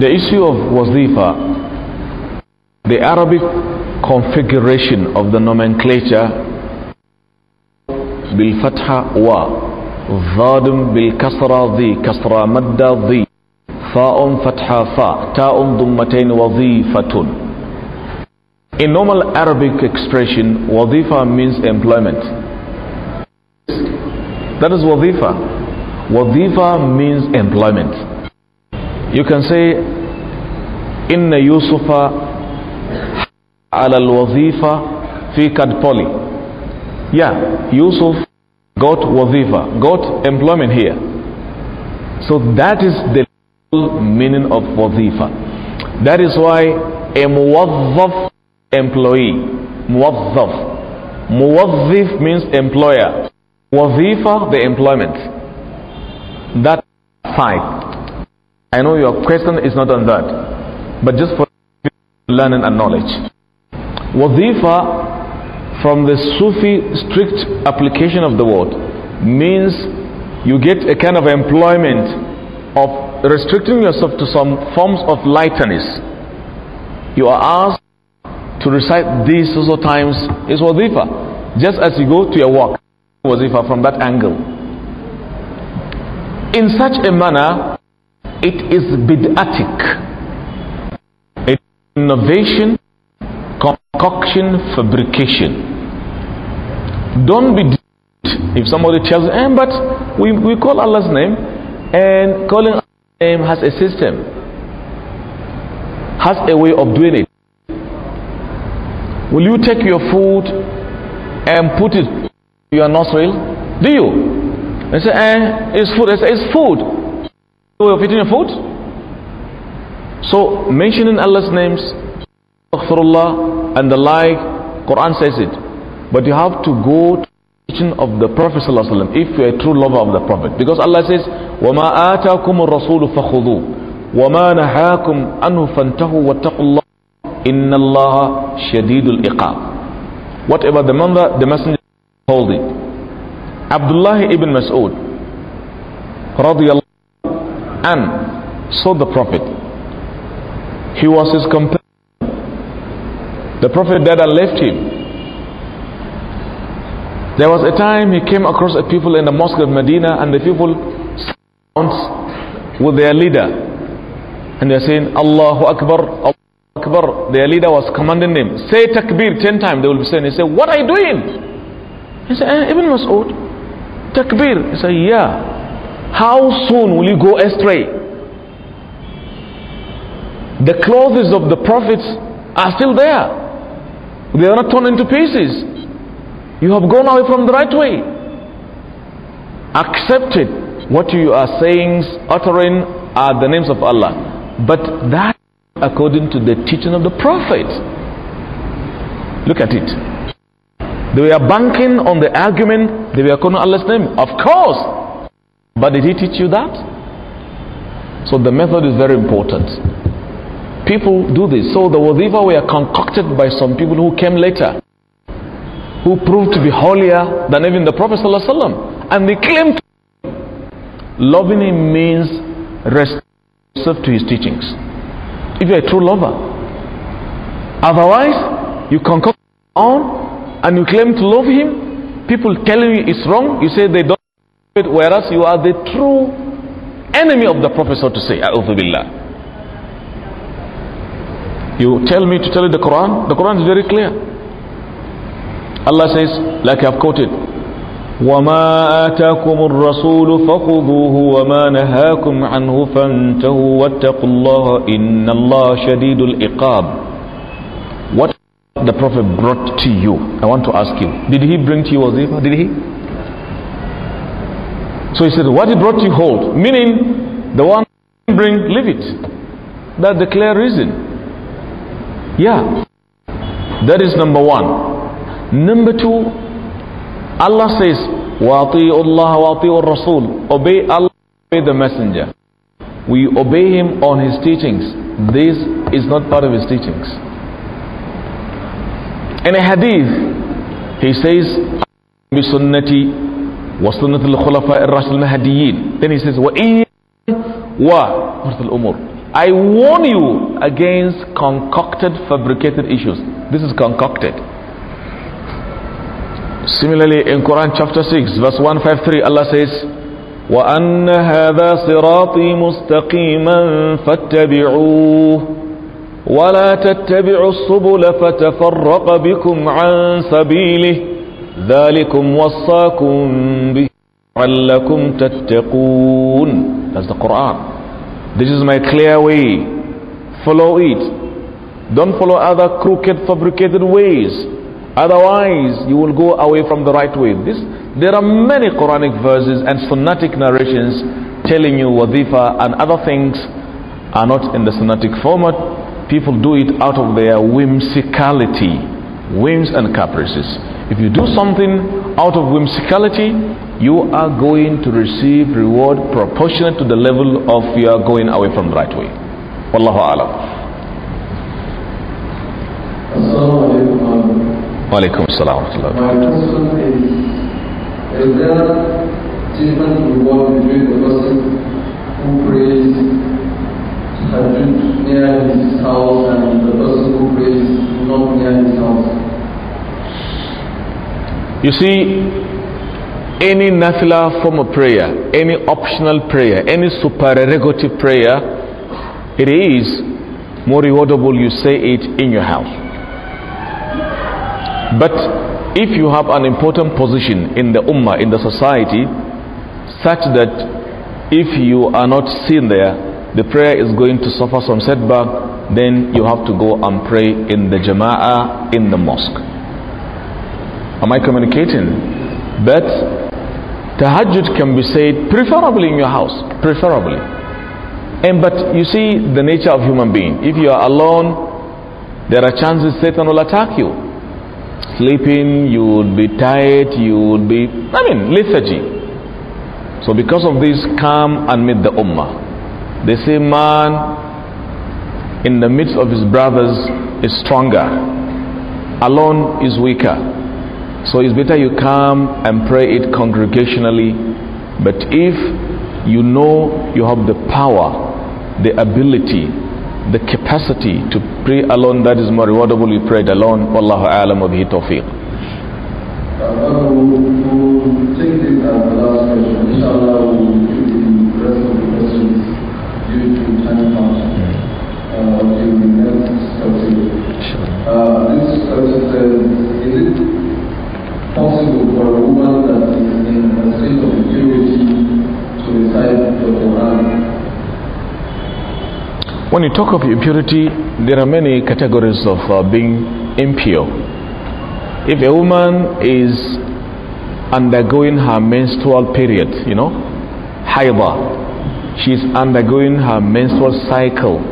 the issue of wazifa, the Arabic configuration of the nomenclature بالفتحة و ضاد بالكسرة ذي كسرة مدة ذي فاء فتحة فاء تاء ضمتين وظيفة In normal Arabic expression, wazifa means employment. That is wazifa. Wazifa means employment. You can say, Inna Yusufa ala al-wazifa fi kadpoli. Yeah, Yusuf got wazifa, got employment here. So that is the meaning of wazifa. That is why a muwazzaf employee, muwazzaf, muwazzif means employer, wazifa the employment. That side. I know your question is not on that, but just for learning and knowledge. Wazifa from the Sufi strict application of the word means you get a kind of employment of restricting yourself to some forms of lightness. You are asked to recite these also times is wazifa, just as you go to your work, wazifa from that angle. In such a manner, it is bid'atic, innovation, concoction, fabrication. Don't be deceived if somebody tells him, eh, but we, we call Allah's name and calling Allah's name has a system, has a way of doing it. Will you take your food and put it in your nostril? Do you? They say, eh, it's food. I say, it's food. Way of eating your food? So mentioning Allah's names, and the like, Quran says it. But you have to go to the teaching of the Prophet ﷺ if you are a true lover of the Prophet. Because Allah says, وَمَا آتَاكُمُ الرَّسُولُ فَخُذُوهُ وَمَا نَهَاكُمْ أَنْهُ فَانْتَهُوا وَاتَّقُوا اللَّهَ إِنَّ اللَّهَ شَدِيدُ الْإِقَابِ Whatever the member, the messenger told it. Abdullah ibn Mas'ud radiallahu and saw the Prophet. He was his companion. The Prophet died and left him. There was a time he came across a people in the mosque of Medina and the people with their leader and they're saying Allahu Akbar, Allahu Akbar. Their leader was commanding them, say takbir ten times. They will be saying, he said, what are you doing? He said, "Even eh, Ibn Mas'ud, takbir. He said, yeah. How soon will you go astray? The clothes of the prophets are still there. They are not torn into pieces. You have gone away from the right way. Accept it. What you are saying, uttering are the names of Allah. But that according to the teaching of the Prophet. Look at it. They were banking on the argument they were calling Allah's name. Of course. But did he teach you that? So the method is very important. People do this. So the wazifa were concocted by some people who came later who proved to be holier than even the Prophet ﷺ. And they to loving him means respect to his teachings. If you're a true lover, otherwise you concoct on and you claim to love him. People telling you it's wrong. You say they don't. Whereas you are the true enemy of the Prophet, so to say. Billah. You tell me to tell you the Quran. The Quran is very clear. Allah says, like I've quoted, وما آتاكم الرسول فخذوه وما نهاكم عنه فانتهوا واتقوا الله إن الله شديد What the Prophet brought to you, I want to ask you, did he bring to you wazifa? Did he? So he said, what he brought you hold, meaning the one bring, leave it. That's the clear reason. Yeah, that is number one. Number two, Allah says, وَأَطِيعُ اللَّهَ وَأَطِيعُ الرَّسُولِ Obey Allah, obey the messenger. We obey him on his teachings. This is not part of his teachings. In a hadith, he says, بِسُنَّتِي وَسُنَّةِ الْخُلَفَاءِ al الْمَهَدِيِّينَ Then he says, وَإِيَّا وَمُرْتَ الْأُمُورِ I warn you against concocted, fabricated issues. This is concocted. Similarly, in Quran chapter 6, verse 153, Allah says, وأن هذا صراطي مستقيما فاتبعوه ولا تتبعوا الصُّبُلَ فتفرق بكم عن سبيله ذلكم وصاكم به لعلكم تتقون That's the Quran. This is my clear way. Follow it. Don't follow other crooked fabricated ways. Otherwise, you will go away from the right way. This, there are many Quranic verses and Sunnatic narrations telling you wadifa and other things are not in the Sunnatic format. People do it out of their whimsicality, whims and caprices. If you do something out of whimsicality, you are going to receive reward proportionate to the level of your going away from the right way. Wallahu alam. وعليكم السلام ورحمة الله وبركاته different reward between the person who prays near his house and the person who prays not near his house? You see, any nafila form of prayer, any optional prayer, any supererogative prayer, it is more rewardable you say it in your house. But if you have an important position in the ummah, in the society, such that if you are not seen there, the prayer is going to suffer some setback, then you have to go and pray in the jama'ah in the mosque. Am I communicating? But tahajjud can be said preferably in your house, preferably. And but you see the nature of human being. If you are alone, there are chances Satan will attack you sleeping, you would be tired, you would be, I mean, lethargy. So, because of this, come and meet the Ummah. The same man in the midst of his brothers is stronger, alone is weaker. So, it's better you come and pray it congregationally. But if you know you have the power, the ability, the capacity to pray alone that is more rewardable you prayed alone wallahu alam wa bihi tawfiq Uh, this question uh, is it possible for a woman When you talk of impurity, there are many categories of uh, being impure. If a woman is undergoing her menstrual period, you know, haiba, she is undergoing her menstrual cycle.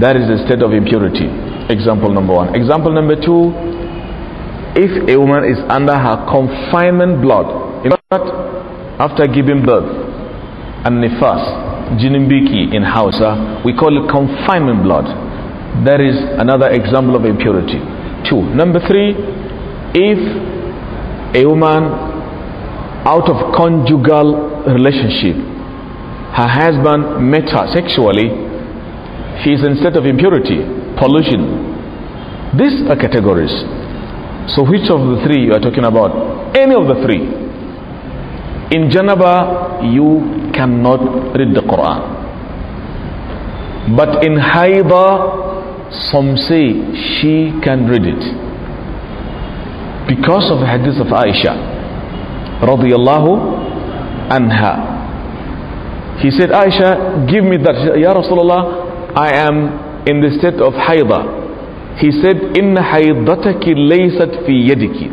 That is a state of impurity. Example number one. Example number two, if a woman is under her confinement blood, in fact, after giving birth, and nifas, jinimbiki in Hausa, we call it confinement blood. That is another example of impurity. Two. Number three, if a woman out of conjugal relationship, her husband met her sexually, she is in state of impurity, pollution. These are categories. So which of the three you are talking about? Any of the three in janaba you cannot read the quran but in haida some say she can read it because of the hadith of aisha radiyallahu anha he said aisha give me that ya rasulullah i am in the state of haida he said inna haidataki laysat fi yadiki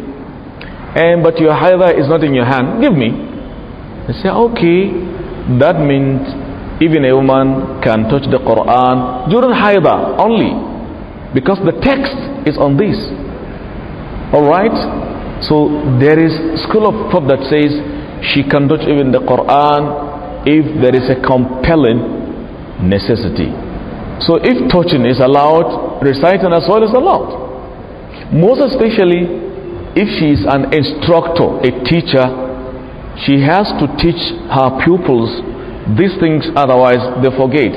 and eh, but your haida is not in your hand give me they say, okay, that means even a woman can touch the Quran during Haida only because the text is on this. All right? So there is school of thought that says she can touch even the Quran if there is a compelling necessity. So if touching is allowed, reciting as well is allowed. Most especially if she is an instructor, a teacher, she has to teach her pupils these things otherwise they forget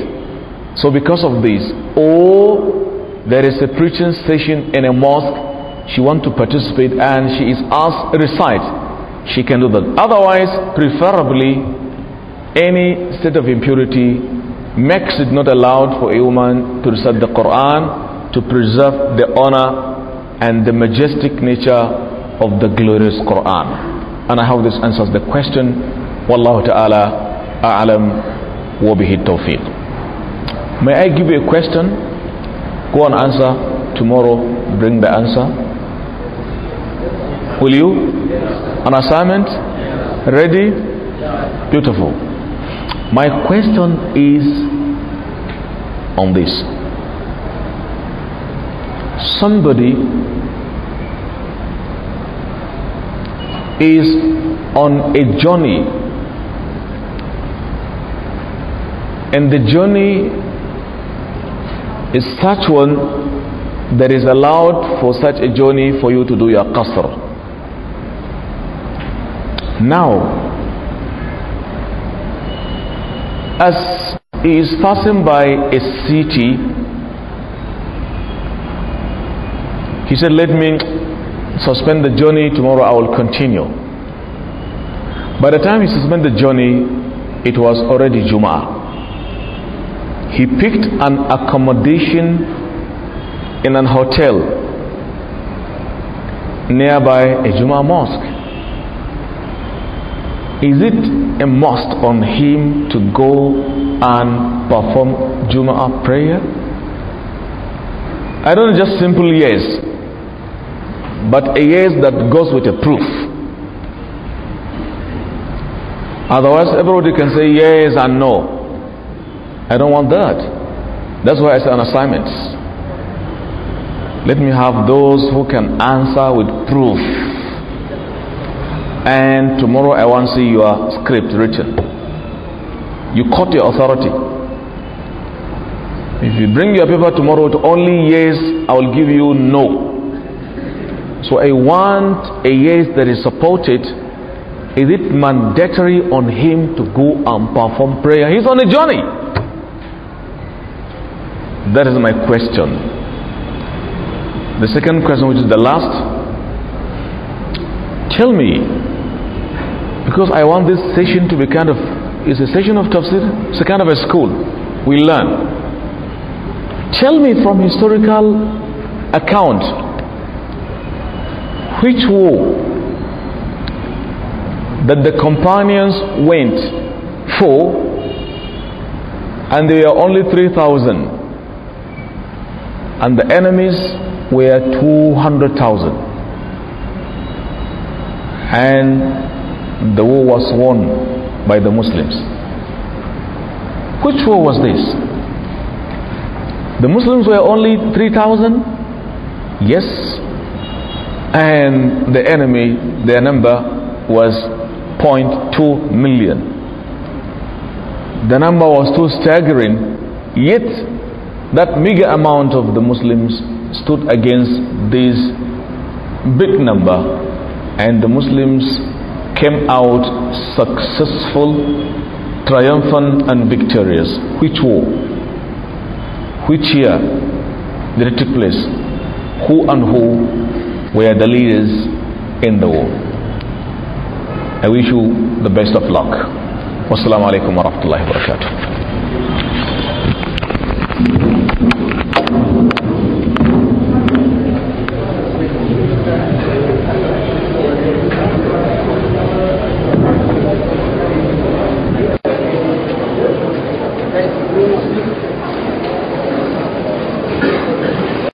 so because of this or there is a preaching session in a mosque she wants to participate and she is asked recite she can do that otherwise preferably any state of impurity makes it not allowed for a woman to recite the quran to preserve the honor and the majestic nature of the glorious quran and I hope this answers the question. Wallahu ta'ala a'alam wa bihi tawfiq. May I give you a question? Go and answer tomorrow. Bring the answer. Will you? An assignment? Ready? Beautiful. My question is on this. Somebody is on a journey. And the journey is such one that is allowed for such a journey for you to do your qasr. Now, as he is passing by a city, he said, Let me suspend the journey, tomorrow I will continue. By the time he suspended the journey, it was already Juma. He picked an accommodation in an hotel nearby a Juma mosque. Is it a must on him to go and perform Juma prayer? I don't just simple yes but a yes that goes with a proof. Otherwise, everybody can say yes and no. I don't want that. That's why I say on assignments. Let me have those who can answer with proof. And tomorrow I want to see your script written. You caught your authority. If you bring your paper tomorrow with only yes, I will give you no. So I want a yes that is supported. Is it mandatory on him to go and perform prayer? He's on a journey. That is my question. The second question, which is the last, tell me, because I want this session to be kind of, it's a session of tafsir, it's a kind of a school. We learn. Tell me from historical account which war that the companions went for and they were only 3,000 and the enemies were 200,000 and the war was won by the Muslims which war was this the Muslims were only 3,000 yes and the enemy their number was 0.2 million the number was too staggering yet that meager amount of the muslims stood against this big number and the muslims came out successful triumphant and victorious which war which year did it take place who and who where the lead is in the war. I wish you the best of luck. Wassalamu alaikum wa rahmatullahi wa barakatuh.